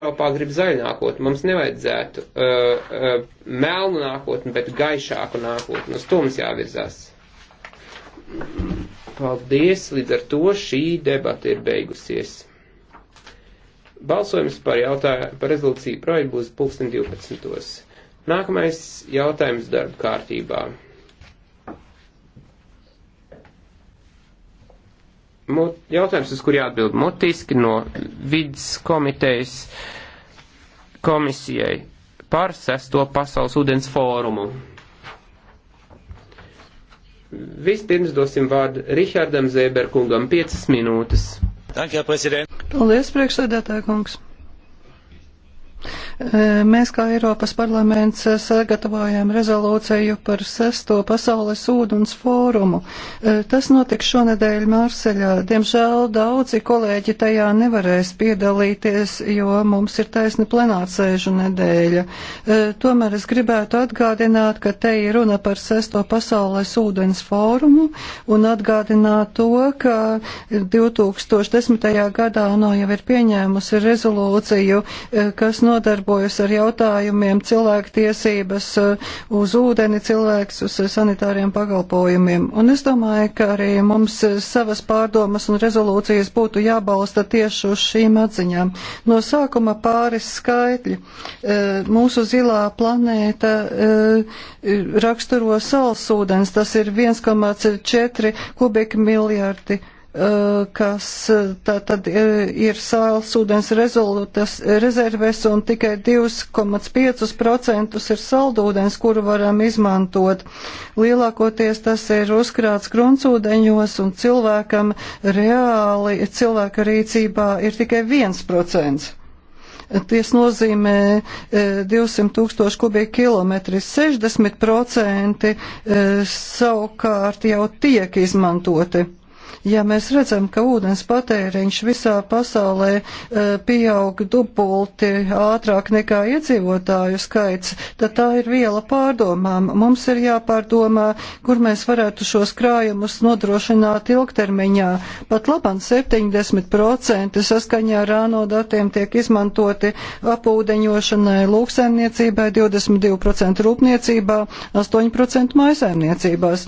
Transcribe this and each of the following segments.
Eiropā grib zaļu nākotni, mums nevajadzētu uh, uh, melnu nākotni, bet gaišāku nākotni, uz to mums jāvirzās. Paldies, līdz ar to šī debata ir beigusies. Balsojums par, jautāju, par rezolūciju projektu būs 2012. Nākamais jautājums darba kārtībā. Mut, jautājums, uz kur jāatbild mutiski no vidas komitejas komisijai par sesto pasaules ūdens fórumu. Vispirms dosim vārdu Ričardam Zēberkungam 5 minūtes. Danke, Herr Präsident. Paldies, priekšsēdētāja kungs. Mēs kā Eiropas parlaments sagatavojam rezolūciju par sesto pasaules ūdens fórumu. Tas notiks šonedēļ Mārseļā. Diemžēl daudzi kolēģi tajā nevarēs piedalīties, jo mums ir taisni plenārsēžu nedēļa. Tomēr es gribētu atgādināt, ka te ir runa par sesto pasaules ūdens fórumu un atgādināt to, ka 2010. gadā ANO jau ir pieņēmusi rezolūciju, kas nodarbojas ar jautājumiem cilvēktiesības eh, uz ūdeni, cilvēks uz sanitāriem pakalpojumiem. Un es domāju, ka arī mums savas pārdomas un rezolūcijas būtu jābalsta tieši uz šīm atziņām. No sākuma pāris skaitļi. Eh, mūsu zilā planēta eh, raksturo salsūdens, tas ir 1,4 kubikmiljardi. Eh, kas eh, tā tad eh, ir sāls ūdens rezerves un tikai 2,5% ir saldūdens, kuru varam izmantot. Lielākoties tas ir uzkrāts gruntsūdeņos un cilvēkam reāli cilvēka rīcībā ir tikai 1%. Tas nozīmē 200 tūkstoši kubikkilometri, 60% savukārt jau tiek izmantoti. Ja mēs redzam, ka ūdens patēriņš visā pasaulē e, pieaug dubulti ātrāk nekā iedzīvotāju skaits, tad tā ir viela pārdomām. Mums ir jāpārdomā, kur mēs varētu šos krājumus nodrošināt ilgtermiņā. Pat labam 70% saskaņā ar āno datiem tiek izmantoti apūdeņošanai, lūksēmniecībai, 22% rūpniecībā, 8% maisaimniecībās.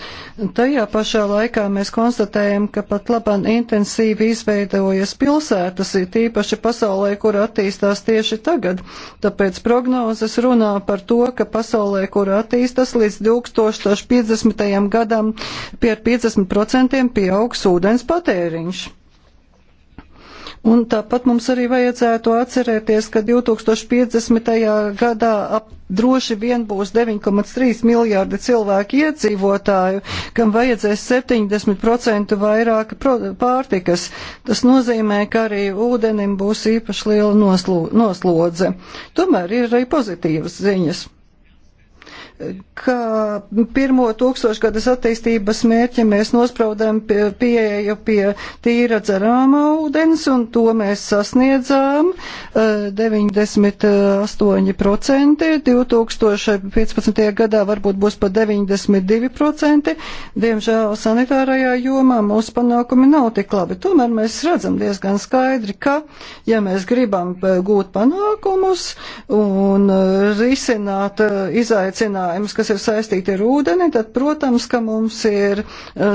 Tajā pašā laikā mēs konstatējam, ka pat laban intensīvi izveidojas pilsētas, ir tīpaši pasaulē, kur attīstās tieši tagad. Tāpēc prognozes runā par to, ka pasaulē, kur attīstas līdz 2050. gadam, pie 50% pieaugs ūdens patēriņš. Un tāpat mums arī vajadzētu atcerēties, ka 2050. gadā ap droši vien būs 9,3 miljārdi cilvēku iedzīvotāju, kam vajadzēs 70% vairāk pārtikas. Tas nozīmē, ka arī ūdenim būs īpaši liela noslodze. Tomēr ir arī pozitīvas ziņas ka pirmo tūkstošgadas attīstības mērķi mēs nospraudām pieeju pie, pie tīra dzerāmā ūdens, un to mēs sasniedzām 98%, eh, 2015. gadā varbūt būs pa 92%, diemžēl sanitārajā jomā mūsu panākumi nav tik labi. Tomēr mēs redzam diezgan skaidri, ka, ja mēs gribam eh, gūt panākumus un eh, risināt izaicinājumus, jautājumus, kas ir saistīti ar ūdeni, tad, protams, ka mums ir e,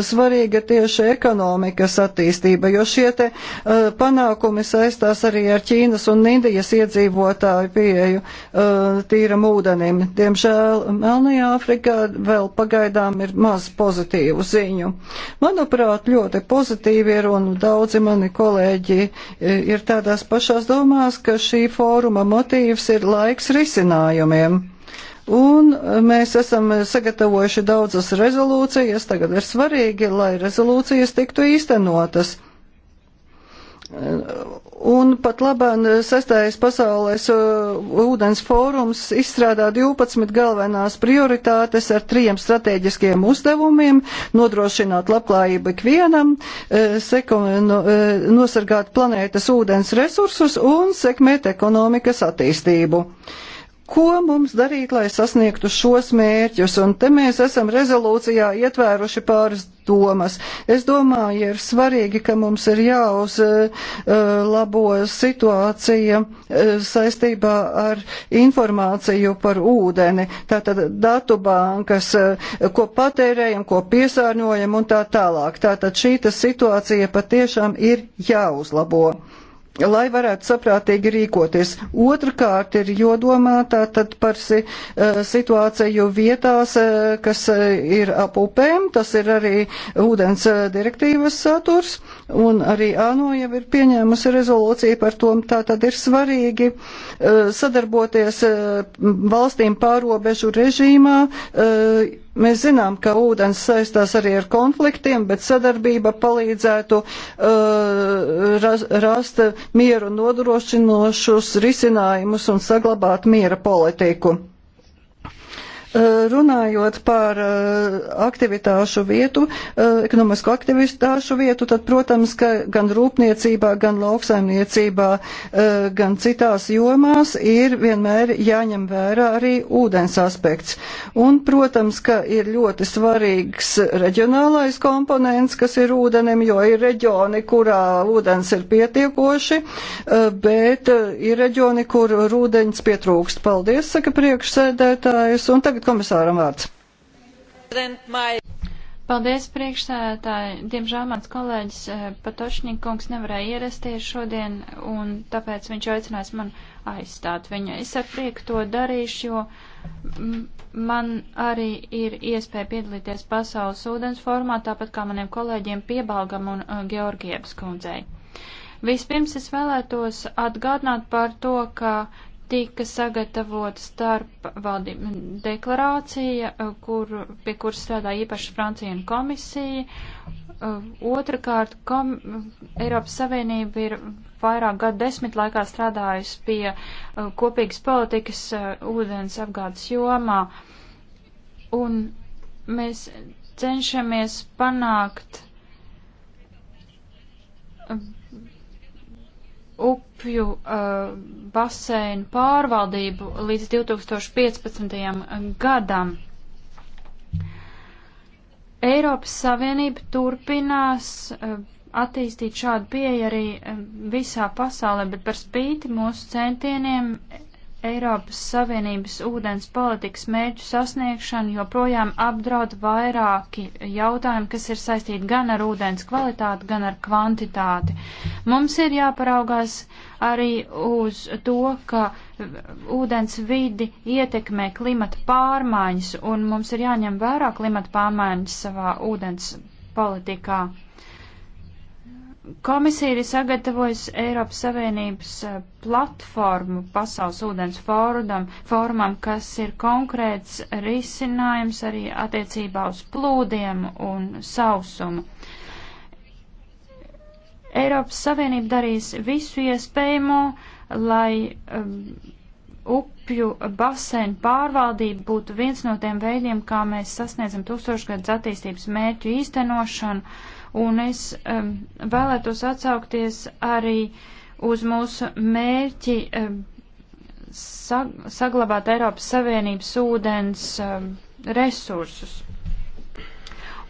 svarīga tieši ekonomikas attīstība, jo šie te e, panākumi saistās arī ar Ķīnas un Indijas iedzīvotāju pieeju e, tīram ūdenim. Diemžēl Melnajā Afrikā vēl pagaidām ir maz pozitīvu ziņu. Manuprāt, ļoti pozitīvi ir un daudzi mani kolēģi ir tādās pašās domās, ka šī fóruma motīvs ir laiks risinājumiem. Un eh, mēs esam eh, sagatavojuši daudzas rezolūcijas. Tagad ir svarīgi, lai rezolūcijas tiktu īstenotas. Eh, un pat labāk sestais pasaules ūdens fórums izstrādā 12 galvenās prioritātes ar trijiem strateģiskiem uzdevumiem - nodrošināt labklājību ikvienam, nosargāt planētas ūdens resursus un sekmēt ekonomikas attīstību. Ko mums darīt, lai sasniegtu šos mērķus? Un te mēs esam rezolūcijā ietvēruši pāris domas. Es domāju, ir svarīgi, ka mums ir jāuzlabo eh, eh, situācija eh, saistībā ar informāciju par ūdeni, tātad datu bankas, ko patērējam, ko piesārņojam un tā tālāk. Tātad šī situācija patiešām ir jāuzlabo lai varētu saprātīgi rīkoties. Otrakārt ir jodomā tātad par si, eh, situāciju vietās, eh, kas eh, ir ap upēm, tas ir arī ūdens direktīvas saturs, un arī ANO jau ir pieņēmusi rezolūciju par to, tātad ir svarīgi sadarboties valstīm pārobežu režīmā Mēs zinām, ka ūdens saistās arī ar konfliktiem, bet sadarbība palīdzētu uh, rast mieru nodrošinošus risinājumus un saglabāt miera politiku. Eh, runājot par eh, aktivitāšu vietu, eh, ekonomisko aktivitāšu vietu, tad, protams, ka gan rūpniecībā, gan lauksaimniecībā, gan citās jomās ir vienmēr jāņem vērā arī ūdens aspekts. Un, protams, ka ir ļoti svarīgs reģionālais komponents, kas ir ūdenim, jo ir reģioni, kurā ūdens ir pietiekoši, bet ir reģioni, kur ūdens pietrūkst. Paldies, saka priekšsēdētājs. Un tagad komisāram vārds. Paldies, priekšsēdētāji. Diemžēl mans kolēģis eh, Patošņikungs nevarēja ierasties šodien, un tāpēc viņš aicinās man aizstāt viņu. Es ar prieku to darīšu, jo man arī ir iespēja piedalīties pasaules ūdens formā, tāpat kā maniem kolēģiem Piebalgam un eh, Georgievas kundzei. Vispirms es vēlētos atgādināt par to, ka uh, tika sagatavota starp valdību deklarācija, eh, kur, pie kuras strādā īpaši Francija un komisija. Eh, otrakārt, kom, Eiropas Savienība ir vairāk gadu desmit laikā strādājusi pie eh, kopīgas politikas ūdens apgādes jomā. Un mēs cenšamies panākt upju uh, baseinu pārvaldību līdz 2015. gadam. Eiropas Savienība turpinās uh, attīstīt šādu pieeju arī uh, visā pasaulē, bet par spīti mūsu centieniem Eiropas Savienības ūdens politikas mērķu sasniegšanu joprojām apdraud vairāki jautājumi, kas ir saistīti gan ar ūdens kvalitāti, gan ar kvantitāti. Mums ir jāparaugās arī uz to, ka ūdens vidi ietekmē klimata pārmaiņas, un mums ir jāņem vērā klimata pārmaiņas savā ūdens politikā. Komisija ir sagatavojusi Eiropas Savienības eh, platformu pasaules ūdens fórumam, fórumam, kas ir konkrēts risinājums arī attiecībā uz plūdiem un sausumu. Eiropas Savienība darīs visu iespējamo, lai um, upju basēnu pārvaldība būtu viens no tiem veidiem, kā mēs sasniedzam tūkstošgadus attīstības mērķu īstenošanu, un es um, vēlētos atsaukties arī uz mūsu mērķi um, sag saglabāt Eiropas Savienības ūdens um, resursus.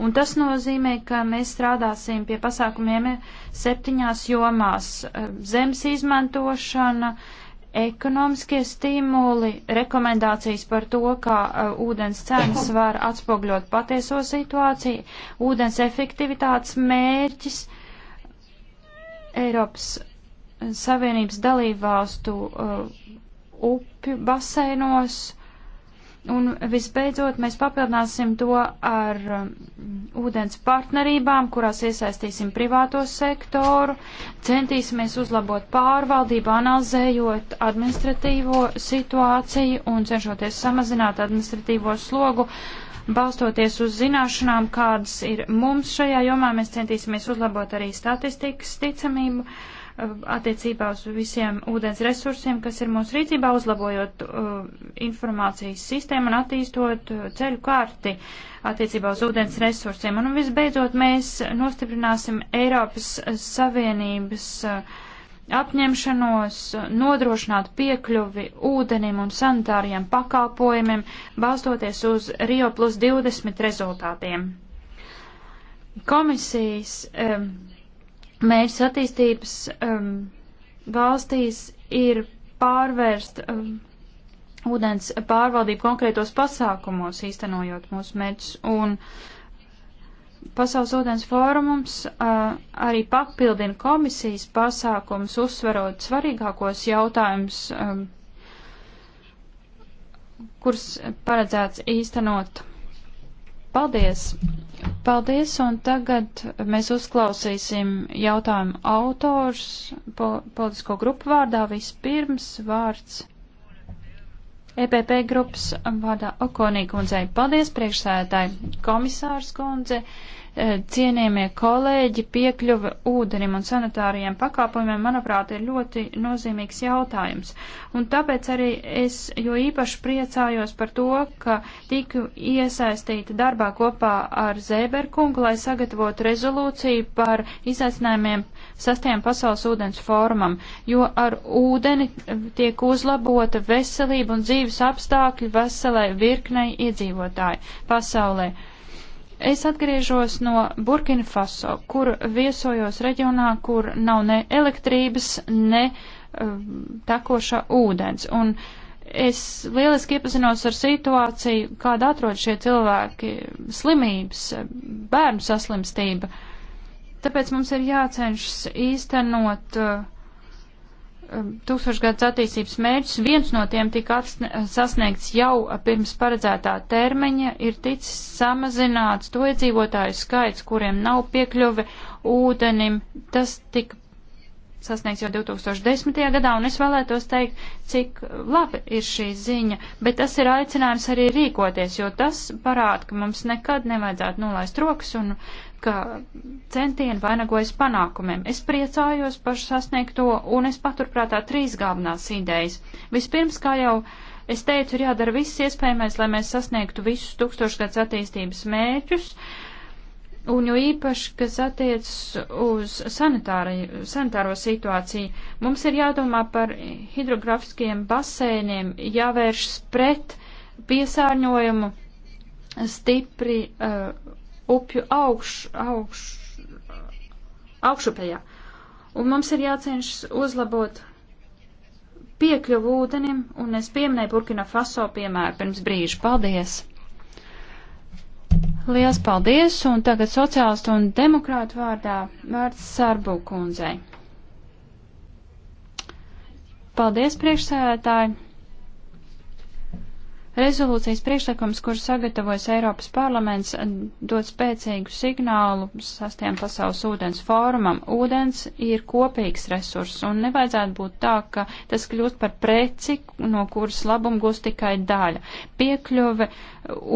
Un tas nozīmē, ka mēs strādāsim pie pasākumiem septiņās jomās um, - zemes izmantošana, uh, ekonomiskie stimuli, rekomendācijas par to, kā uh, ūdens cenas var atspogļot patieso situāciju, ūdens efektivitātes mērķis, Eiropas Savienības dalībvalstu uh, upju baseinos Un visbeidzot, mēs papildināsim to ar um, ūdens partnerībām, kurās iesaistīsim privāto sektoru, centīsimies uzlabot pārvaldību, analizējot administratīvo situāciju un cenšoties samazināt administratīvo slogu. Balstoties uz zināšanām, kādas ir mums šajā jomā, mēs centīsimies uzlabot arī statistikas ticamību. Uh, attiecībā uz visiem ūdens resursiem, kas ir mūsu rīcībā, uzlabojot uh, informācijas sistēmu un attīstot uh, ceļu kārti attiecībā uz ūdens resursiem. Un visbeidzot, mēs nostiprināsim Eiropas Savienības uh, apņemšanos nodrošināt piekļuvi ūdenim un sanitāriem pakalpojumiem, balstoties uz Rio plus 20 rezultātiem. Komisijas um, mērķis attīstības um, valstīs ir pārvērst um, ūdens pārvaldību konkrētos pasākumos, īstenojot mūsu mērķus. Un Pasaules ūdens fórums uh, arī papildina komisijas pasākums, uzsverot svarīgākos jautājumus, um, kurus paredzēts īstenot Paldies! Paldies, un tagad mēs uzklausīsim jautājumu autors po, politisko grupu vārdā. Vispirms vārds EPP grupas vārdā Okonī kundzei. Paldies, priekšsēdētāji, komisārs kundze. Uh, Eh, cienījamie kolēģi, piekļuva ūdenim un sanitārijiem pakāpojumiem, manuprāt, ir ļoti nozīmīgs jautājums. Un tāpēc arī es jo īpaši priecājos par to, ka tiku iesaistīta darbā kopā ar Zēberkungu, lai sagatavotu rezolūciju par izaicinājumiem sastajam pasaules ūdens formam, jo ar ūdeni tiek uzlabota veselība un dzīves apstākļi veselai virknei iedzīvotāji pasaulē. Es atgriežos no Burkina Faso, kur viesojos reģionā, kur nav ne elektrības, ne uh, tekoša ūdens. Un es lieliski iepazinos ar situāciju, kāda atrod šie cilvēki - slimības, bērnu saslimstība. Tāpēc mums ir jācenšas īstenot uh, Um, tūkstošgads attīstības mērķus, viens no tiem tika sasniegts jau pirms paredzētā termiņa, ir ticis samazināts to iedzīvotāju skaits, kuriem nav piekļuve ūdenim. Tas tika sasniegts jau 2010. gadā, un es vēlētos teikt, cik labi ir šī ziņa, bet tas ir aicinājums arī rīkoties, jo tas parāda, ka mums nekad nevajadzētu nolaist rokas un ka centieni vainagojas panākumiem. Es priecājos par sasniegto un es paturprātā trīs galvenās idejas. Vispirms, kā jau es teicu, ir jādara viss iespējamais, lai mēs sasniegtu visus tūkstošgads attīstības mērķus. Un jo īpaši, kas attiecas uz sanitāro situāciju, mums ir jādomā par hidrografiskiem basēniem, jāvēršas pret piesārņojumu, stipri uh, upju augš, augš, augšupējā. Un mums ir jācenšas uzlabot piekļuvu ūdenim, un es pieminēju Burkina Faso piemēru pirms brīža. Paldies! Liels paldies, un tagad sociālistu un demokrātu vārdā vārds Sarbu kundzei. Paldies, priekšsēdētāji! Rezolūcijas priekšlikums, kur sagatavojas Eiropas parlaments, dod spēcīgu signālu sastiem pasaules ūdens fórumam. Ūdens ir kopīgs resurs un nevajadzētu būt tā, ka tas kļūst par preci, no kuras labumu gūs tikai daļa. Piekļuve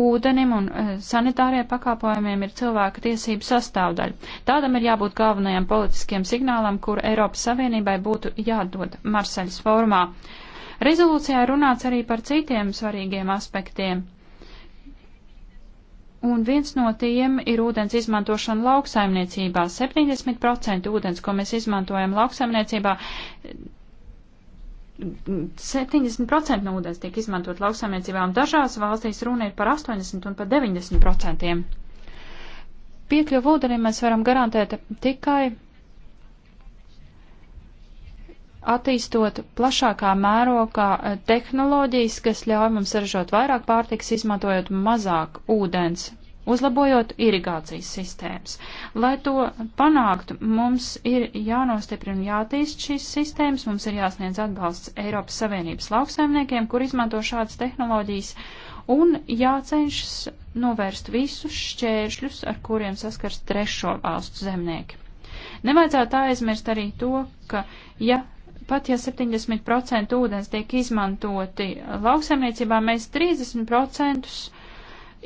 ūdenim un eh, sanitāriem pakāpojumiem ir cilvēka tiesību sastāvdaļa. Tādam ir jābūt galvenajam politiskiem signālam, kur Eiropas Savienībai būtu jādod Marseļas fórumā. Rezolūcijā runāts arī par citiem svarīgiem aspektiem. Un viens no tiem ir ūdens izmantošana lauksaimniecībā. 70% ūdens, ko mēs izmantojam lauksaimniecībā, 70% no ūdens tiek izmantot lauksaimniecībā, un dažās valstīs runa ir par 80 un par 90%. Piekļuvu ūdenim mēs varam garantēt tikai attīstot plašākā mērokā eh, tehnoloģijas, kas ļauj mums ražot vairāk pārtiks, izmantojot mazāk ūdens, uzlabojot irigācijas sistēmas. Lai to panāktu, mums ir jānostiprina un jātīst šīs sistēmas, mums ir jāsniedz atbalsts Eiropas Savienības lauksaimniekiem, kur izmanto šādas tehnoloģijas, un jācenšas novērst visus šķēršļus, ar kuriem saskars trešo valstu zemnieki. Nevajadzētu aizmirst arī to, ka ja pat ja 70% ūdens tiek izmantoti lauksaimniecībā, mēs 30%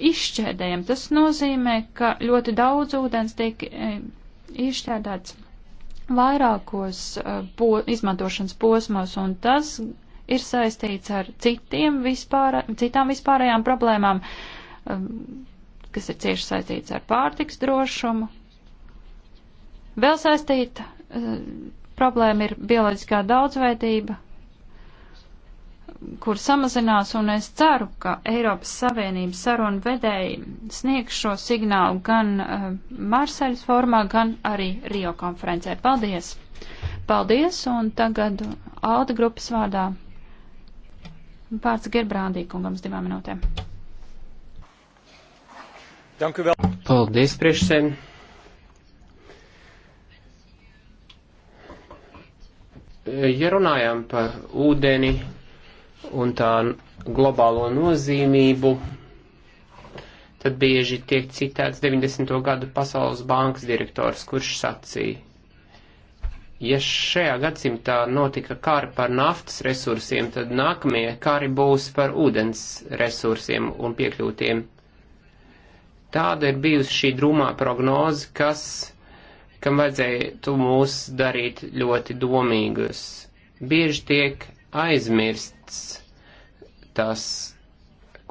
izšķēdējam. Tas nozīmē, ka ļoti daudz ūdens tiek e, izšķēdēts vairākos e, po, izmantošanas posmos, un tas ir saistīts ar citiem vispār, citām vispārējām problēmām, e, kas ir cieši saistīts ar pārtiks drošumu. Vēl saistīta problēma ir bioloģiskā daudzveidība, kur samazinās, un es ceru, ka Eiropas Savienības sarunu vedēji sniegs šo signālu gan uh, Marseļas formā, gan arī Rio konferencē. Paldies! Paldies, un tagad Alda grupas vārdā vārds Gerbrādī kungam uz divām minūtēm. Paldies, priekšsēdētāji! Ja runājam par ūdeni un tā globālo nozīmību, tad bieži tiek citēts 90. gadu Pasaules bankas direktors, kurš sacīja, ja šajā gadsimtā notika kari par naftas resursiem, tad nākamie kari būs par ūdens resursiem un piekļūtiem. Tāda ir bijusi šī drūmā prognoze, kas kam vajadzētu mūs darīt ļoti domīgus. Bieži tiek aizmirsts tas,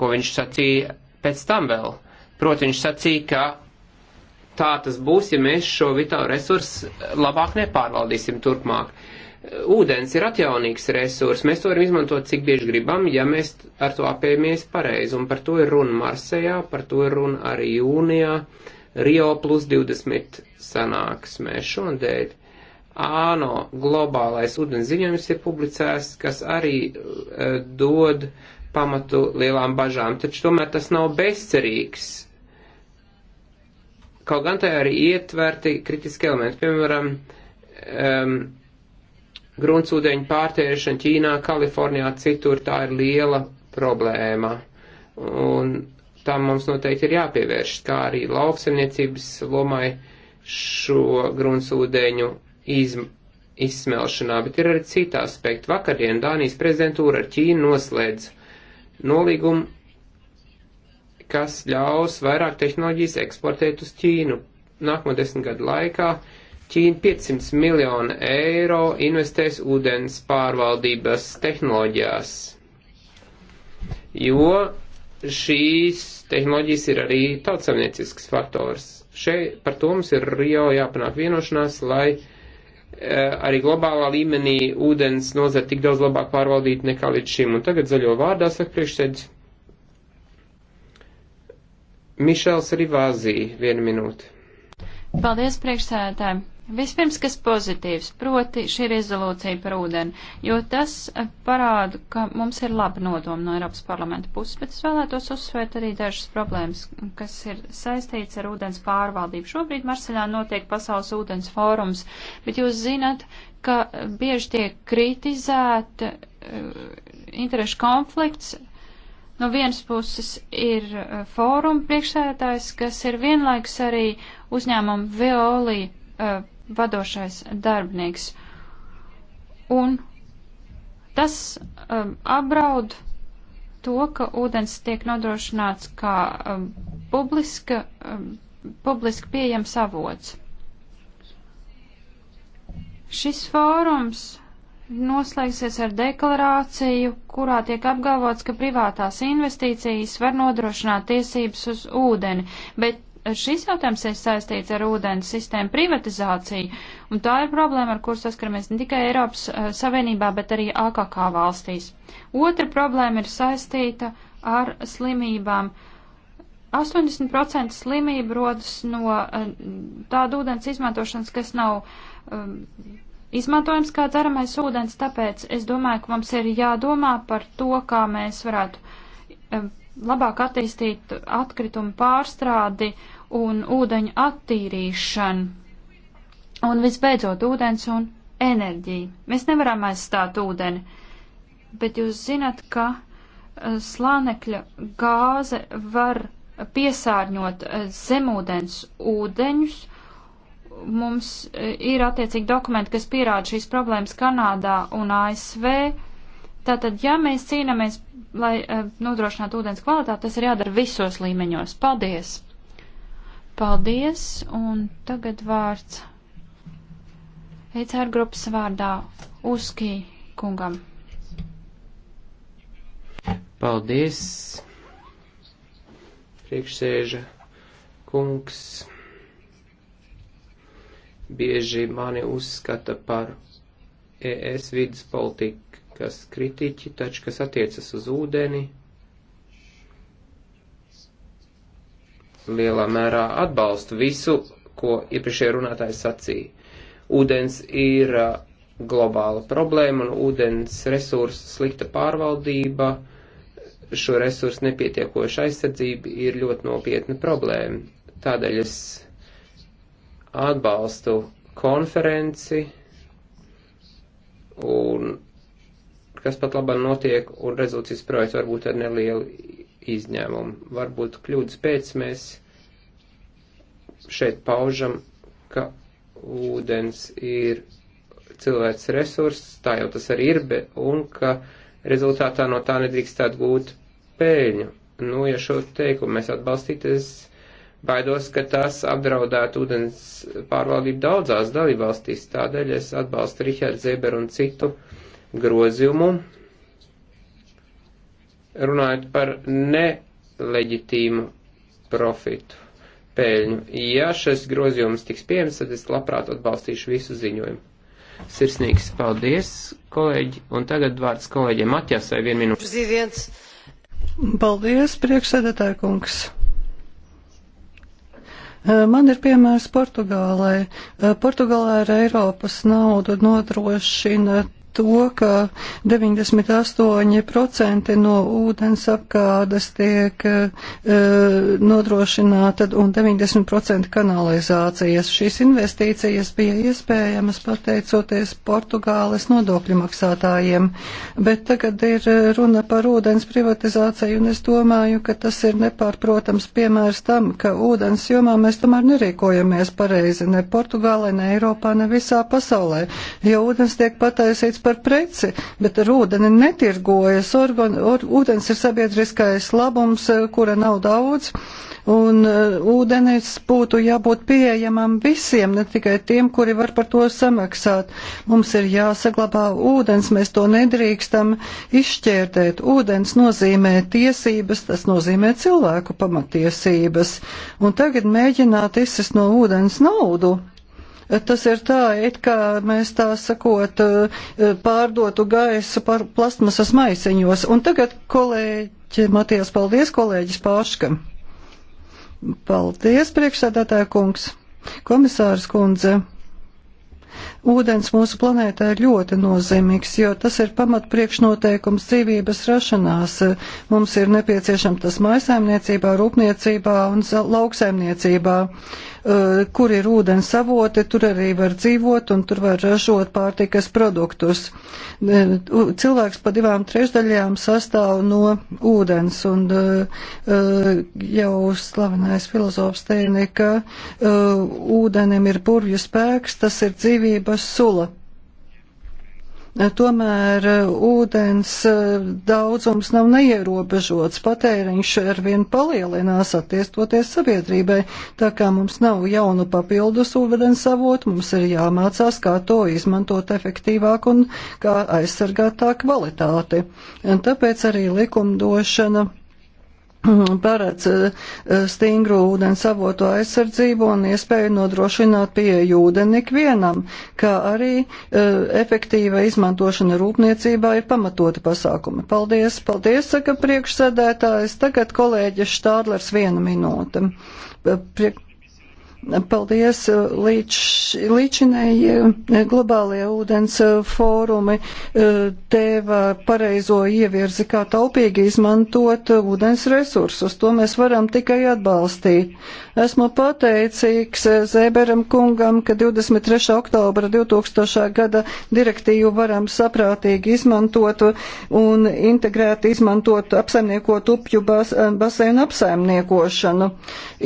ko viņš sacīja pēc tam vēl. Proti viņš sacīja, ka tā tas būs, ja mēs šo vitālu resursu labāk nepārvaldīsim turpmāk. Ūdens ir atjaunīgs resurs, mēs to varam izmantot cik bieži gribam, ja mēs ar to apējamies pareizi, un par to ir runa Marsejā, par to ir runa arī jūnijā. Uh, Rio plus 20 sanāksmē šodien. ANO globālais ūdens ziņojums ir publicēts, kas arī uh, dod pamatu lielām bažām, taču tomēr tas nav bezcerīgs. Kaut gan tajā arī ietverti kritiski elementi, piemēram, um, gruntsūdeņu pārtēršana Ķīnā, Kalifornijā, citur tā ir liela problēma. Un tam mums noteikti ir jāpievērš, kā arī lauksemniecības lomai šo gruntsūdeņu iz, izsmelšanā, bet ir arī citi aspekti. Vakardien Dānijas prezidentūra ar Ķīnu noslēdz nolīgumu, kas ļaus vairāk tehnoloģijas eksportēt uz Ķīnu. Nākamo desmit gadu laikā Ķīna 500 miljonu eiro investēs ūdens pārvaldības tehnoloģijās, jo šīs tehnoloģijas ir arī tautsamniecisks faktors. Šeit par to mums ir jau jāpanāk vienošanās, lai eh, arī globālā līmenī ūdens nozara tik daudz labāk pārvaldīta nekā līdz šim. Un tagad zaļo vārdā saka priekšsēdz. Mišels Rivāzī, viena minūte. Paldies priekšsēdētāji. Vispirms, kas pozitīvs, proti šī rezolūcija par ūdeni, jo tas parāda, ka mums ir laba nodoma no Eiropas parlamenta puses, bet es vēlētos uzsvērt arī dažas problēmas, kas ir saistīts ar ūdens pārvaldību. Šobrīd Marseļā notiek pasaules ūdens fórums, bet jūs zinat, ka bieži tiek kritizēta eh, interešu konflikts. No vienas puses ir eh, fóruma priekšsēdētājs, kas ir vienlaiks arī uzņēmuma Violi eh, vadošais darbinieks. Un tas um, apdraud to, ka ūdens tiek nodrošināts kā um, publiska, um, publiski pieejams avots. Šis fórums noslēgsies ar deklarāciju, kurā tiek apgalvots, ka privātās investīcijas var nodrošināt tiesības uz ūdeni, bet šis jautājums ir saistīts ar ūdens sistēmu privatizāciju, un tā ir problēma, ar kur saskaramies ne tikai Eiropas uh, Savienībā, bet arī AKK valstīs. Otra problēma ir saistīta ar slimībām. 80% slimību rodas no uh, tāda ūdens izmantošanas, kas nav um, izmantojams kā dzeramais ūdens, tāpēc es domāju, ka mums ir jādomā par to, kā mēs varētu um, labāk attīstīt atkritumu pārstrādi un ūdeņu attīrīšanu. Un visbeidzot, ūdens un enerģija. Mēs nevaram aizstāt ūdeni, bet jūs zinat, ka eh, slānekļa gāze var piesārņot eh, zemūdens ūdeņus. Mums eh, ir attiecīgi dokumenti, kas pierāda šīs problēmas Kanādā un ASV Tātad, ja mēs cīnāmies, lai uh, nodrošinātu ūdens kvalitāti, tas ir jādara visos līmeņos. Paldies! Paldies! Un tagad vārds ECR grupas vārdā Uskī kungam. Paldies! Priekšsēža kungs bieži mani uzskata par ES vidas politiku kas kritiķi, taču kas attiecas uz ūdeni, lielā mērā atbalstu visu, ko iepriekšējā runātāja sacīja. Ūdens ir uh, globāla problēma un ūdens resursu slikta pārvaldība, šo resursu nepietiekoša aizsardzība ir ļoti nopietna problēma. Tādēļ es atbalstu konferenci un kas pat labāk notiek, un rezolūcijas projekts varbūt ar nelielu izņēmumu. Varbūt kļūdas pēc mēs šeit paužam, ka ūdens ir cilvēks resurss, tā jau tas arī ir, be, un ka rezultātā no tā nedrīkstāt gūt pēļņu. Nu, ja šo teikumu mēs atbalstītu, es baidos, ka tas apdraudētu ūdens pārvaldību daudzās dalībvalstīs, tādēļ es atbalstu Rihardu Zeberu un citu uh, grozījumu, runājot par neleģitīmu profitu pēļņu. Ja šis grozījums tiks pieņemts, tad es labprāt atbalstīšu visu ziņojumu. Sirsnīgs paldies, kolēģi, un tagad vārds kolēģiem Matjasai vienu minūti. Prezidents. Paldies, priekšsēdētāja kungs. Eh, man ir piemērs Portugālē. Eh, Portugālē ar Eiropas naudu nodrošina to, ka 98% no ūdens apkādas tiek e, nodrošināta un 90% kanalizācijas. Šīs investīcijas bija iespējamas pateicoties Portugāles nodokļu maksātājiem, bet tagad ir runa par ūdens privatizāciju un es domāju, ka tas ir nepārprotams piemērs tam, ka ūdens jomā mēs tomēr nerīkojamies pareizi ne Portugālē, ne Eiropā, ne visā pasaulē, jo ūdens tiek pataisīts par preci, bet ar ūdeni netirgojas. Organ, or, ūdens ir sabiedriskais labums, eh, kura nav daudz, un uh, ūdenis būtu jābūt pieejamam visiem, ne tikai tiem, kuri var par to samaksāt. Mums ir jāsaglabā ūdens, mēs to nedrīkstam izšķērdēt. Ūdens nozīmē tiesības, tas nozīmē cilvēku pamatiesības. Un tagad mēģināt izsist no ūdens naudu Tas ir tā, it kā mēs tā sakot eh, pārdotu gaisu par plastmasas maisiņos. Un tagad kolēģi Matijas, paldies kolēģis Pārškam. Paldies, priekšsēdētāja kungs, komisārs kundze. Ūdens mūsu planētā ir ļoti nozīmīgs, jo tas ir pamat priekšnoteikums dzīvības rašanās. Mums ir nepieciešams tas maisaimniecībā, rūpniecībā un lauksaimniecībā. Eh, kur ir ūdens savoti, tur arī var dzīvot un tur var ražot pārtikas produktus. Eh, cilvēks pa divām trešdaļām sastāv no ūdens un eh, jau slavenais filozofs teica, ka ūdenim ir burvju spēks, tas ir dzīvības sula. Tomēr eh, ūdens eh, daudzums nav neierobežots, patēriņš ar vien palielinās attiestoties sabiedrībai, tā kā mums nav jaunu papildus ūdens avotu, mums ir jāmācās, kā to izmantot efektīvāk un kā aizsargāt tā kvalitāti. Un tāpēc arī likumdošana paredz e, stingru ūdens avotu aizsardzību un iespēju nodrošināt pieeju ūdeni ikvienam, kā arī e, efektīva izmantošana rūpniecībā ir pamatota pasākuma. Paldies, paldies, saka priekšsēdētājs. Tagad kolēģis Štādlers viena minūte. Priek Paldies! Uh, līdz, līdšanēji uh, globālie ūdens uh, fórumi deva pareizo ievirzi, kā taupīgi izmantot ūdens resursus. To mēs varam tikai atbalstīt. Esmu pateicīgs Zēberam kungam, ka 23. oktobra 2000. gada direktīvu varam saprātīgi izmantot un integrēt izmantot apsaimniekot upju bas, basēnu apsaimniekošanu.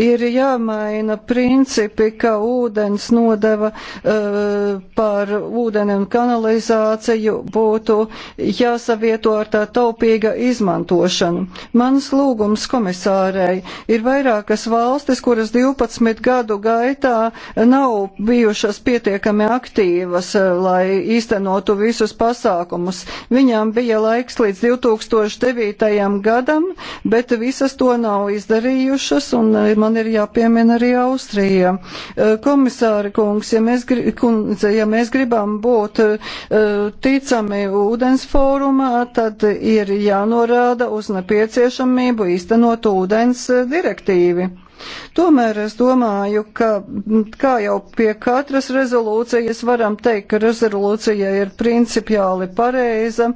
Ir jāmaina princips principi, ka ūdens nodeva eh, par ūdeni un kanalizāciju būtu jāsavieto ar tā taupīga izmantošanu. Mans lūgums komisārei ir vairākas valstis, kuras 12 gadu gaitā nav bijušas pietiekami aktīvas, eh, lai īstenotu visus pasākumus. Viņām bija laiks līdz 2009. gadam, bet visas to nav izdarījušas, un eh, man ir jāpiemina arī Austrija komisija. Eh, komisāri kungs, ja mēs, kundze, ja mēs gribam būt eh, ticami ūdens fórumā, tad ir jānorāda uz nepieciešamību īstenot ūdens eh, direktīvi. Tomēr es domāju, ka kā jau pie katras rezolūcijas varam teikt, ka rezolūcija ir principiāli pareiza,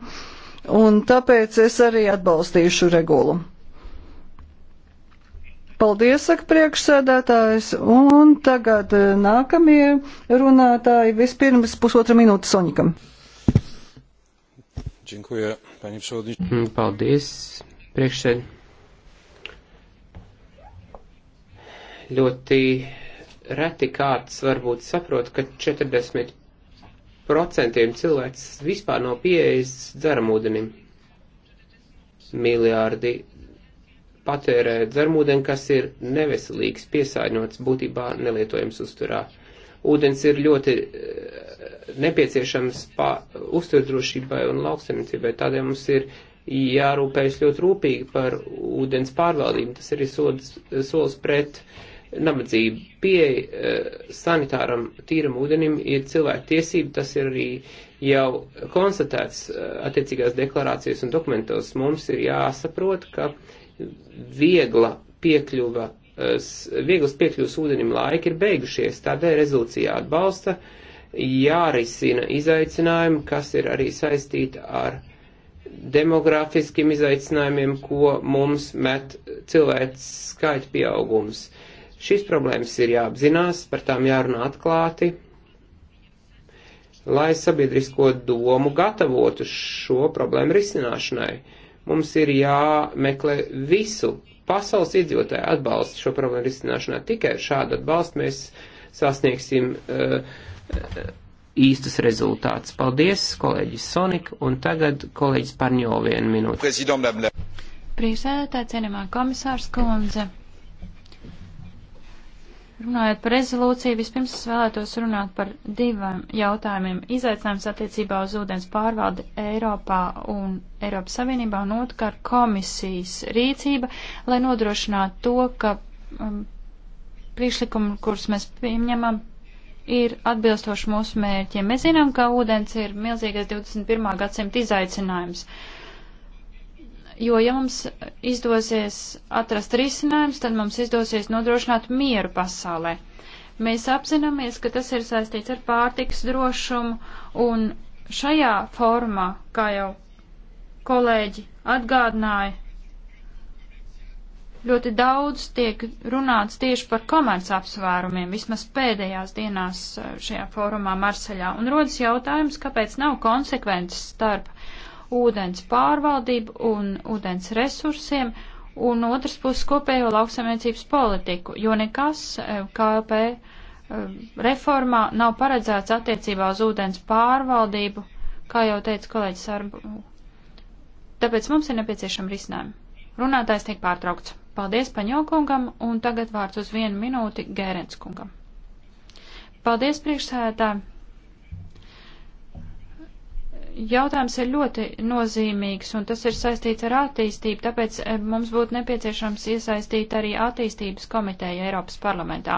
un tāpēc es arī atbalstīšu regulu. Paldies, saka priekšsēdētājs. Un tagad eh, nākamie runātāji vispirms pusotra minūte Soņikam. Dziękuję, panie przewodniczący. Mm, paldies, priekšsēd. Ļoti reti kāds varbūt saprot, ka 40% cilvēks vispār nav no pieejas dzeramūdenim. Miliārdi patērē dzermūdeni, kas ir neveselīgs, piesārņots, būtībā nelietojams uzturā. Ūdens ir ļoti eh, nepieciešams uzturdrošībai un lauksemniecībai, tādēļ mums ir jārūpējas ļoti rūpīgi par ūdens pārvaldību. Tas ir sods, solis pret nabadzību. Pieeja eh, sanitāram tīram ūdenim ir cilvēku tiesība, tas ir arī jau konstatēts eh, attiecīgās deklarācijas un dokumentos. Mums ir jāsaprot, ka uh, viegla piekļuva, eh, vieglas piekļuvas ūdenim laika ir beigušies, tādēļ rezolūcija atbalsta jārisina izaicinājumi, kas ir arī saistīti ar demografiskiem izaicinājumiem, ko mums met cilvēks skaita pieaugums. Šīs problēmas ir jāapzinās, par tām jārunā atklāti, lai sabiedrisko domu gatavotu šo problēmu risināšanai. Uh, Mums ir jāmeklē visu pasaules iedzīvotāju atbalstu šo problēmu risināšanā. Tikai ar šādu atbalstu mēs sasniegsim uh, īstus rezultātus. Paldies, kolēģis Sonika, un tagad kolēģis Parņo vienu minūti. Priekšsēdētāja cienījumā komisārs Kundze. Runājot par rezolūciju, vispirms es vēlētos runāt par diviem jautājumiem. Izaicinājums attiecībā uz ūdens pārvaldi Eiropā un Eiropas Savienībā un otrkārt komisijas rīcība, lai nodrošinātu to, ka um, priekšlikumi, kurus mēs pieņemam, ir atbilstoši mūsu mērķiem. Mēs zinām, ka ūdens ir milzīgais 21. gadsimta izaicinājums. Uh, Jo, ja mums izdosies atrast risinājums, tad mums izdosies nodrošināt mieru pasaulē. Mēs apzināmies, ka tas ir saistīts ar pārtiks drošumu, un šajā formā, kā jau kolēģi atgādināja, ļoti daudz tiek runāts tieši par komerc apsvērumiem, vismaz pēdējās dienās eh, šajā fórumā Marseļā, un rodas jautājums, kāpēc nav konsekvences starp ūdens pārvaldību un ūdens resursiem, un otrs puses kopējo lauksamniecības politiku, jo nekas eh, KLP eh, reformā nav paredzēts attiecībā uz ūdens pārvaldību, kā jau teica kolēģis Arbu. Tāpēc mums ir nepieciešama risinājuma. Runātājs tiek pārtraukts. Paldies paņokungam, un tagad vārds uz vienu minūti Gērens kungam. Paldies priekšsēdētāji! jautājums ir ļoti nozīmīgs, un tas ir saistīts ar attīstību, tāpēc eh, mums būtu nepieciešams iesaistīt arī attīstības komiteju Eiropas parlamentā.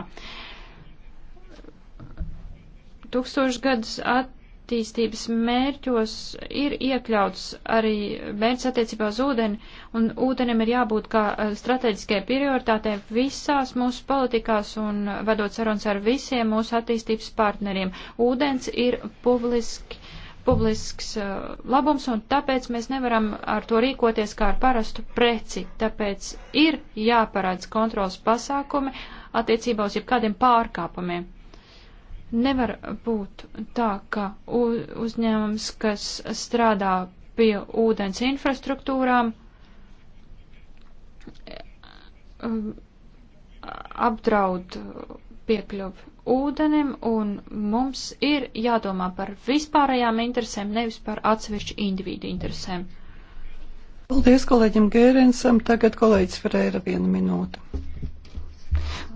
Tūkstošgadus attīstības mērķos ir iekļauts arī mērķis attiecībā uz ūdeni, un ūdenim ir jābūt kā eh, strateģiskai prioritātei visās mūsu politikās un vedot sarunas ar visiem mūsu attīstības partneriem. Ūdens ir publiski publisks uh, labums, un tāpēc mēs nevaram ar to rīkoties kā ar parastu preci. Tāpēc ir jāparāds kontrols pasākumi attiecībā uz jebkādiem pārkāpumiem. Nevar būt tā, ka uzņēmums, kas strādā pie ūdens infrastruktūrām, uh, apdraud piekļuvi ūdenim, un mums ir jādomā par vispārējām interesēm, nevis par atsevišķu individu interesēm. Paldies kolēģim Gērensam, tagad kolēģis Ferēra viena minūte.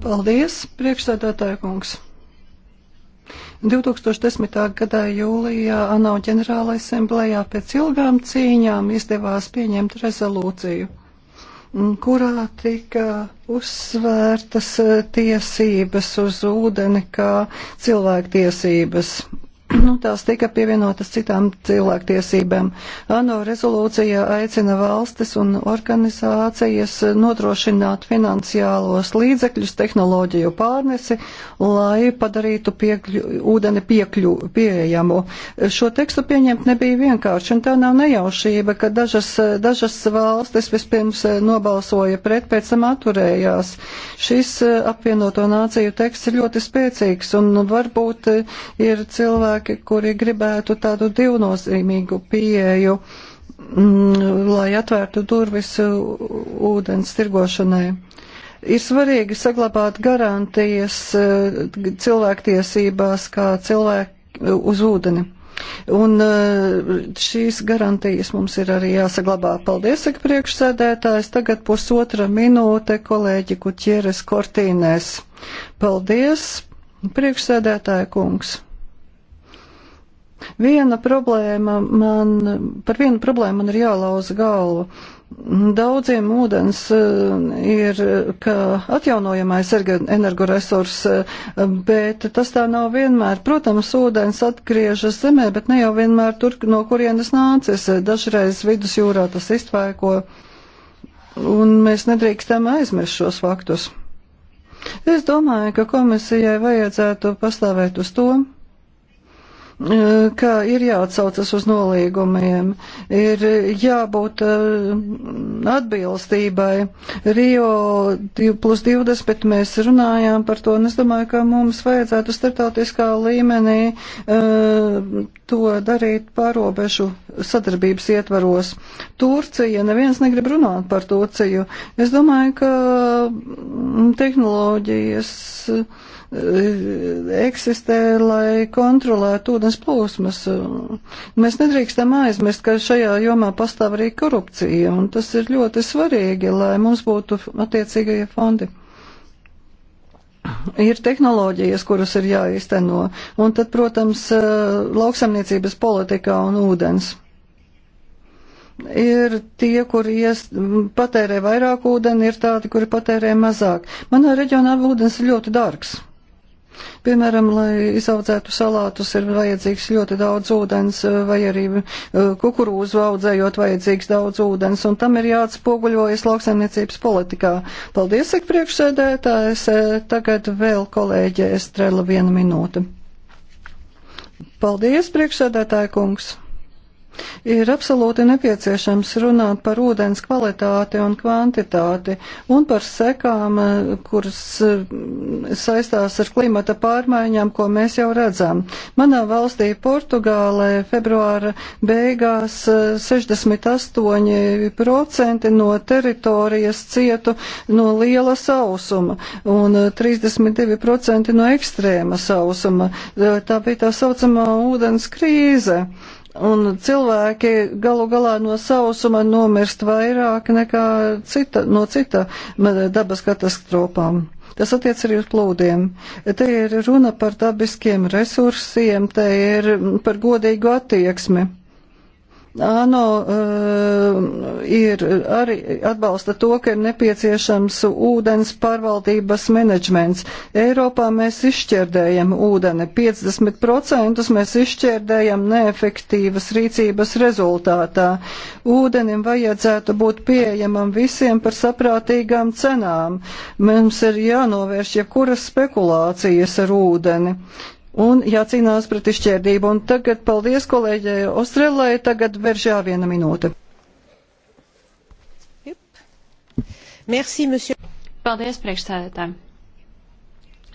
Paldies, priekšsēdētāja kungs. 2010. gadā jūlijā ANO ģenerāla asamblējā pēc ilgām cīņām izdevās pieņemt rezolūciju kurā tika uzsvērtas eh, tiesības uz ūdeni kā cilvēktiesības nu, tās tika pievienotas citām cilvēktiesībām. ANO rezolūcija aicina valstis un organizācijas nodrošināt finansiālos līdzekļus, tehnoloģiju pārnesi, lai padarītu piekļu, ūdeni piekļu pieejamu. Šo tekstu pieņemt nebija vienkārši, un tā nav nejaušība, ka dažas, dažas valstis vispirms nobalsoja pret, pēc tam atturējās. Šis apvienoto nāciju teksts ir ļoti spēcīgs, un varbūt ir cilvēki, cilvēki, kuri gribētu tādu divnozīmīgu pieeju, mm, lai atvērtu durvis ūdens tirgošanai ir svarīgi saglabāt garantijas e, cilvēktiesībās kā cilvēku uz ūdeni. Un e, šīs garantijas mums ir arī jāsaglabā. Paldies, saka priekšsēdētājs. Tagad pusotra minūte kolēģi Kuķieres Kortīnēs. Paldies, priekšsēdētāja kungs. Viena problēma man, par vienu problēmu man ir jālauza galva. Daudziem ūdens eh, ir kā atjaunojamais energoresurs, eh, bet tas tā nav vienmēr. Protams, ūdens atgriežas zemē, bet ne jau vienmēr tur, no kurienes nācis. Dažreiz vidusjūrā tas iztvēko, un mēs nedrīkstam aizmirst šos faktus. Es domāju, ka komisijai vajadzētu pastāvēt uz to, Eh, ka ir jāatsaucas uz nolīgumiem, ir jābūt eh, atbilstībai. Rio plus 20 mēs runājām par to, un es domāju, ka mums vajadzētu startautiskā līmenī eh, to darīt pārobežu sadarbības ietvaros. Turcija, neviens negrib runāt par Turciju. Es domāju, ka mm, tehnoloģijas eksistē, lai kontrolētu ūdens plūsmas. Mēs nedrīkstam aizmirst, ka šajā jomā pastāv arī korupcija, un tas ir ļoti svarīgi, lai mums būtu attiecīgie fondi ir tehnoloģijas, kuras ir jāizteno, un tad, protams, lauksamniecības politika un ūdens. Ir tie, kuri ies, patērē vairāk ūdeni, ir tādi, kuri patērē mazāk. Manā reģionā ūdens ir ļoti dārgs. Piemēram, lai izaudzētu salātus, ir vajadzīgs ļoti daudz ūdens, eh, vai arī eh, kukurūzu audzējot vajadzīgs daudz ūdens, un tam ir jāatspoguļojas lauksaimniecības politikā. Paldies, saka priekšsēdētājs. Eh, tagad vēl kolēģe Estrela viena minūte. Paldies, priekšsēdētāja kungs. Ir absolūti nepieciešams runāt par ūdens kvalitāti un kvantitāti un par sekām, eh, kuras eh, saistās ar klimata pārmaiņām, ko mēs jau redzam. Manā valstī Portugālē februāra beigās 68% eh, no teritorijas cietu no liela sausuma un 32% no ekstrēma sausuma. Tā bija tā saucamā ūdens krīze un cilvēki galu galā no sausuma nomirst vairāk nekā cita, no cita dabas katastrofām. Tas attiec arī uz plūdiem. Te ir runa par dabiskiem resursiem, te ir par godīgu attieksmi. ANO eh, ir arī atbalsta to, ka ir nepieciešams ūdens pārvaldības menedžments. Eiropā mēs izšķērdējam ūdeni. 50% mēs izšķērdējam neefektīvas rīcības rezultātā. Ūdenim vajadzētu būt pieejamam visiem par saprātīgām cenām. Mums ir jānovērš jebkuras spekulācijas ar ūdeni un jācīnās pret izšķērdību. Un tagad paldies kolēģei Ostrelai, tagad veržā viena minūte. Merci, monsieur. Paldies, priekšsēdētāji.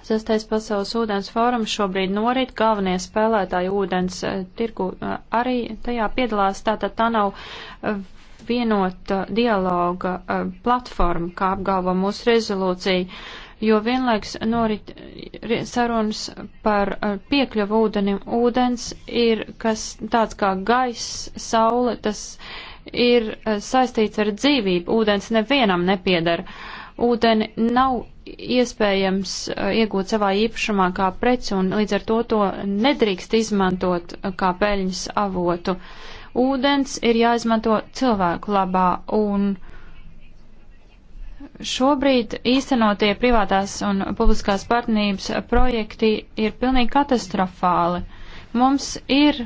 Sestais pasaules ūdens fórums šobrīd norit, galvenie spēlētāji ūdens eh, tirgu eh, arī tajā piedalās, tātad tā nav eh, vienota dialoga platforma, kā apgalvo mūsu rezolūcija jo vienlaiks norit sarunas par piekļuvu ūdenim. Ūdens ir kas tāds kā gaiss, saule, tas ir saistīts ar dzīvību. Ūdens nevienam nepiedara. Ūdeni nav iespējams iegūt savā īpašumā kā preci un līdz ar to to nedrīkst izmantot kā peļņas avotu. Ūdens ir jāizmanto cilvēku labā un Šobrīd īstenotie privātās un publiskās partnerības projekti ir pilnīgi katastrofāli. Mums ir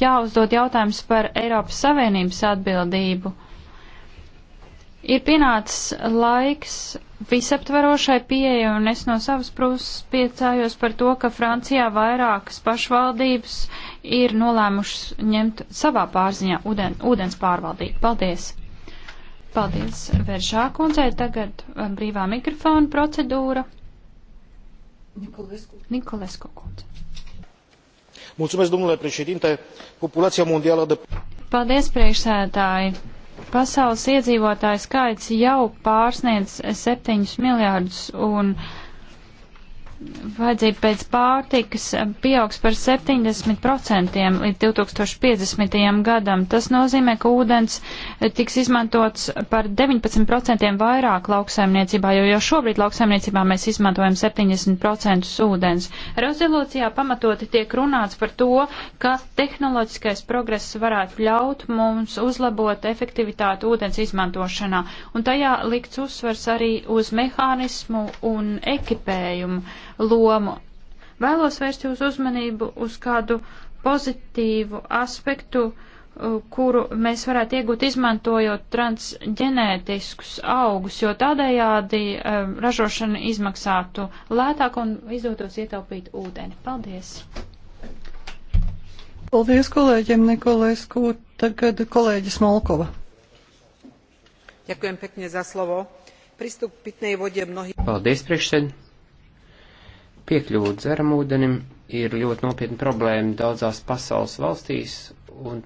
jāuzdod jautājums par Eiropas Savienības atbildību. Ir pienācis laiks visaptvarošai pieeja, un es no savas puses priecājos par to, ka Francijā vairākas pašvaldības ir nolēmušas ņemt savā pārziņā ūden, ūdens pārvaldību. Paldies! Paldies Veršā kundzei. Tagad um, brīvā mikrofona procedūra. Nicolescu. Nicolescu kundze. Mulțumesc, domnule președinte. Populația mondială de... Paldies, priekšsētāji. Pasaules iedzīvotāju skaits jau pārsniedz 7 miljārdus un uh, vajadzība pēc pārtikas pieaugs par 70% līdz 2050. gadam. Tas nozīmē, ka ūdens tiks izmantots par 19% vairāk lauksaimniecībā, jo jau šobrīd lauksaimniecībā mēs izmantojam 70% ūdens. Rezolūcijā pamatoti tiek runāts par to, ka tehnoloģiskais progress varētu ļaut mums uzlabot efektivitāti ūdens izmantošanā, un tajā likts uzsvers arī uz mehānismu un ekipējumu lomu. Vēlos vērst jūsu uz uzmanību uz kādu pozitīvu aspektu, kuru mēs varētu iegūt izmantojot transģenētiskus augus, jo tādējādi ražošana izmaksātu lētāk un izdotos ietaupīt ūdeni. Paldies! Paldies kolēģiem Nikolēsku. Tagad kolēģis Molkova. Ďakujem pekne za slovo. Prístup k pitnej vode mnohých... Paldies, priekšsēdētāj. Piekļūt dzeram ūdenim ir ļoti nopietna problēma daudzās pasaules valstīs, un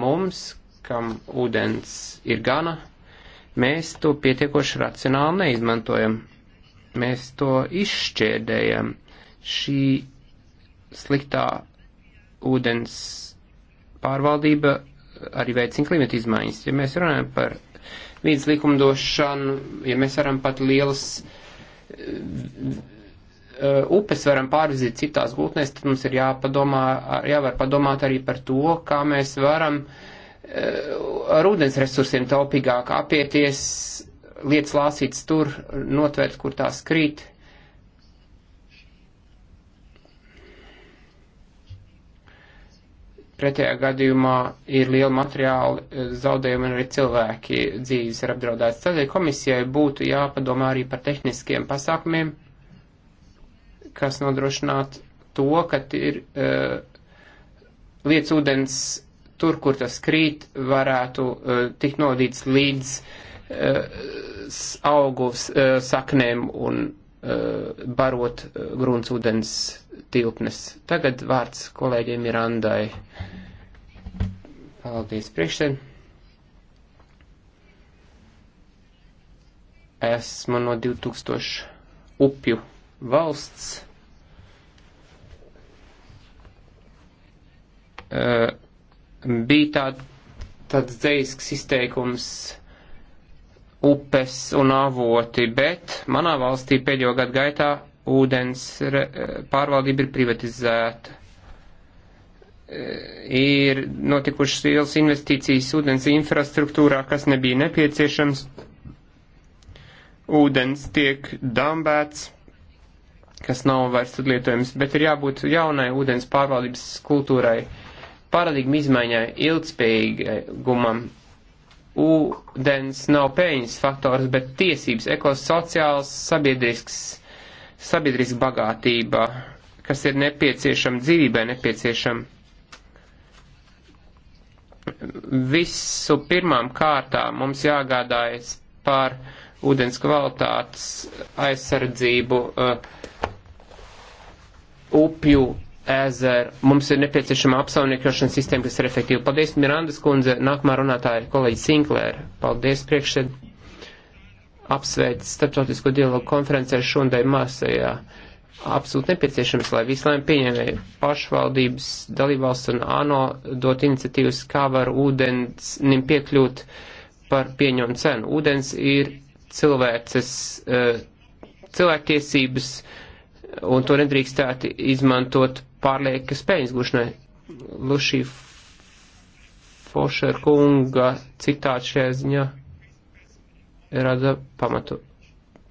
mums, kam ūdens ir gana, mēs to pietiekoši racionāli neizmantojam. Mēs to izšķēdējam. Šī sliktā ūdens pārvaldība arī veicina klimata izmaiņas. Ja mēs runājam par vīdes likumdošanu, ja mēs varam pat lielas Eh, upes varam pārvizīt citās gultnēs, tad mums ir jāpadomā, jāvar padomāt arī par to, kā mēs varam eh, ar ūdens resursiem taupīgāk apieties, lietas lāsītas tur, notvērt, kur tās krīt. Pretējā gadījumā ir liela materiāla eh, zaudējuma un arī cilvēki dzīves ir apdraudēts. Tādēļ komisijai būtu jāpadomā arī par tehniskiem pasākumiem kas nodrošinātu to, ka ir uh, eh, lietas ūdens tur, kur tas krīt, varētu uh, tikt nodīts līdz uh, augu uh, saknēm un uh, barot uh, gruntsūdens tilpnes. Tagad vārds kolēģiem Mirandai. Paldies, priekšsēd. Esmu no 2000 upju valsts uh, bija tād, tāds dzējisks izteikums upes un avoti, bet manā valstī pēdējo gadu gaitā ūdens re, eh, pārvaldība ir privatizēta. Eh, ir notikušas liels investīcijas ūdens infrastruktūrā, kas nebija nepieciešams. Ūdens tiek dambēts kas nav vairs lietojams, bet ir jābūt jaunai ūdens pārvaldības kultūrai, paradigmu izmaiņai, ilgspējīgumam. Ūdens nav peļņas faktors, bet tiesības, ekosociāls, sabiedrisks, sabiedriska bagātība, kas ir nepieciešama dzīvībai, nepieciešama. Visu pirmām kārtām mums jāgādājas par ūdens kvalitātes aizsardzību. Uh, upju ezeru. Mums ir nepieciešama apsaimniekošana sistēma, kas ir efektīva. Paldies, Mirandas kundze. Nākamā runātāja kolēģi Sinklēra. Paldies, priekšsēd. Apsveic starptautisko dialogu konferencē šodien Māsajā absolūti nepieciešams, lai visi lēmumu pieņēmēji pašvaldības, dalībvalsts un ANO dot iniciatīvas, kā var ūdenim piekļūt par pieņemu cenu. Ūdens ir cilvēces, eh, cilvēktiesības, un to nedrīkstētu izmantot pārliekas peļņas gušanai. Lušī Fošer kunga citāts šajā ziņā rada pamatu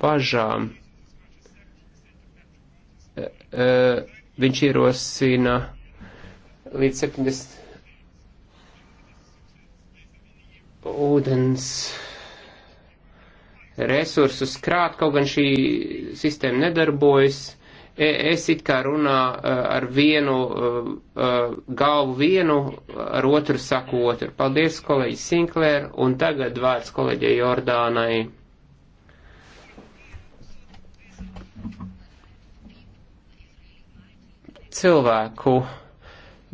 pažām. E, e, viņš ierosina līdz 70 ūdens resursus krāt, kaut gan šī sistēma nedarbojas E, es it kā runā e, ar vienu e, galvu vienu, ar otru saku otru. Paldies, kolēģi Sinklēr, un tagad vārds kolēģei Jordānai. Cilvēku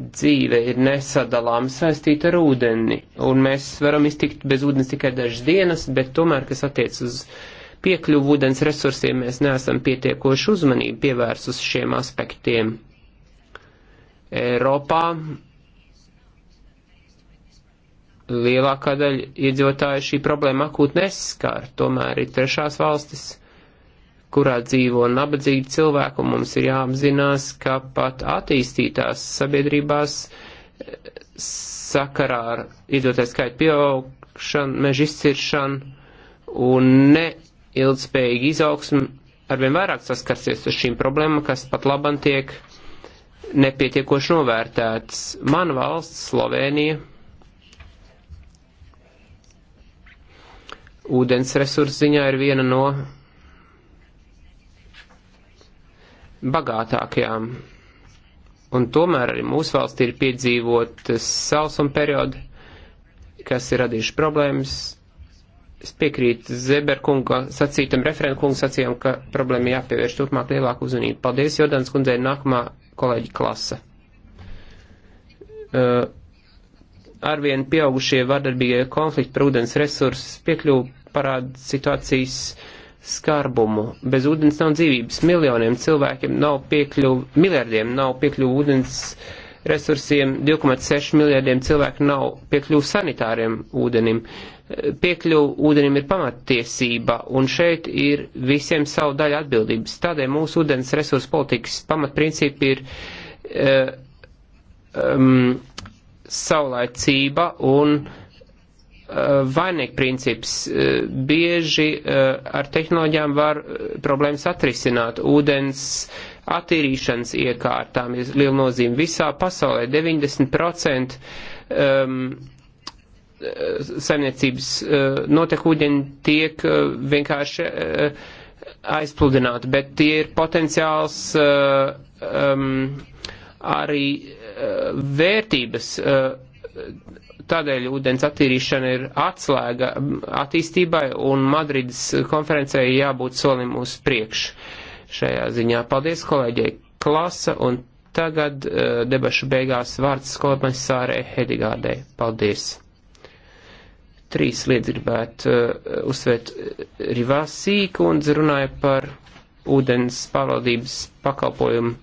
dzīve ir nesadalām saistīta ar ūdeni, un mēs varam iztikt bez ūdens tikai dažas dienas, bet tomēr, kas attiec uz uh, piekļuvu ūdens resursiem mēs neesam pietiekoši uzmanību pievērsus šiem aspektiem. Eiropā lielākā daļa iedzīvotāju šī problēma akūti neskār, tomēr ir trešās valstis, kurā dzīvo nabadzīgi cilvēki, un mums ir jāapzinās, ka pat attīstītās sabiedrībās eh, sakarā ar iedzīvotāju skaitu pieaugšanu, meža izciršanu un ne ilgspējīga izaugsme arvien vairāk saskarsies ar šīm problēmām, kas pat labam tiek nepietiekoši novērtēts. Man valsts, Slovenija, ūdens resursu ziņā ir viena no bagātākajām. Un tomēr arī mūsu valstī ir piedzīvot sausuma periodi, kas ir radījuši problēmas, Es piekrītu Zeberkunga sacītam, referentkunga sacījām, ka problēma jāpievērš turpmāk lielāku uzmanību. Paldies, Jordāns kundzei, nākamā kolēģa klasa. Uh, arvien pieaugušie vardarbīgie konflikti par ūdens resursus piekļuvu parāda situācijas skarbumu. Bez ūdens nav dzīvības. Miljoniem cilvēkiem nav piekļuvu, miljardiem nav piekļuvu ūdens resursus resursiem 2,6 miljardiem cilvēku nav piekļuvu sanitāriem ūdenim. Piekļuvu ūdenim ir pamattiesība, un šeit ir visiem savu daļu atbildības. Tādēļ mūsu ūdens resursu politikas pamatprincipi ir uh, um, saulaicība un eh, vainīgi princips. Eh, bieži ar tehnoloģijām var problēmas atrisināt. Ūdens attīrīšanas iekārtām ir liela nozīme. Visā pasaulē 90% um, eh, saimniecības uh, eh, noteku ūdeņi tiek uh, vienkārši uh, aizpludināti, bet tie ir potenciāls uh, um, arī uh, vērtības. Uh, tādēļ ūdens attīrīšana ir atslēga mm, attīstībai un Madrides konferencē jābūt solim uz priekšu šajā ziņā. Paldies kolēģei Klasa un tagad uh, debašu beigās vārds skolotājs Sārē Hedigārdē. Paldies! Trīs lietas gribētu uh, uzsvērt. Rivasī kundze runāja par ūdens pārvaldības pakalpojumu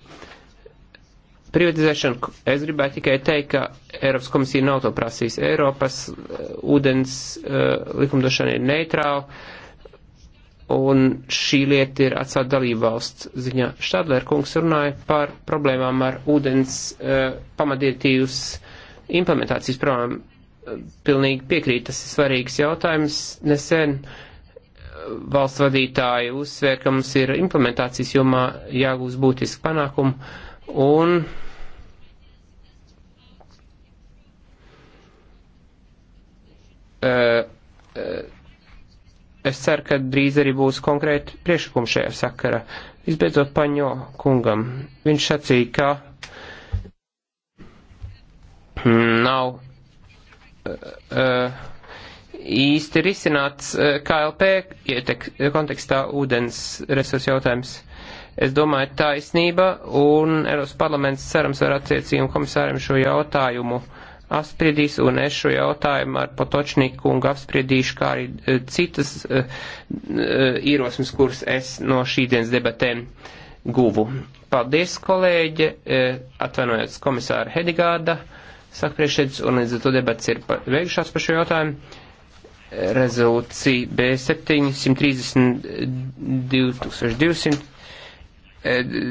privatizēšanu. Es gribētu tikai teikt, ka Eiropas komisija nav to prasījis. Eiropas uh, ūdens uh, likumdošana ir neitrāla. Uh, un šī lieta ir atsāta dalībvalsts ziņā. Štadler kungs runāja par problēmām ar ūdens uh, eh, pamatdirektīvas implementācijas programmu. Pilnīgi piekrīt, tas ir svarīgs jautājums. Nesen eh, valsts vadītāji uzsvēr, ka mums ir implementācijas jomā jāgūst būtiski panākumi un uh, uh, es ceru, ka drīz arī būs konkrēti priekšlikumi šajā sakara. Visbeidzot, paņo kungam. Viņš sacīja, ka hmm, nav uh, īsti risināts uh, eh, KLP ietek, kontekstā ūdens resursu jautājums. Es domāju, taisnība, un Eiropas parlaments cerams var attiecīgumu komisāriem šo jautājumu uh, apspriedīs, un es šo jautājumu ar Potočniku kungu apspriedīšu, kā arī e, citas uh, e, īrosmes, e, kuras es no šīdienas debatēm guvu. Paldies, kolēģi, uh, atvainojot komisāru Hedigārda, saka priekšēdus, un līdz ar to debats ir beigušās par šo jautājumu. Rezolūcija B7 130 2200. Uh,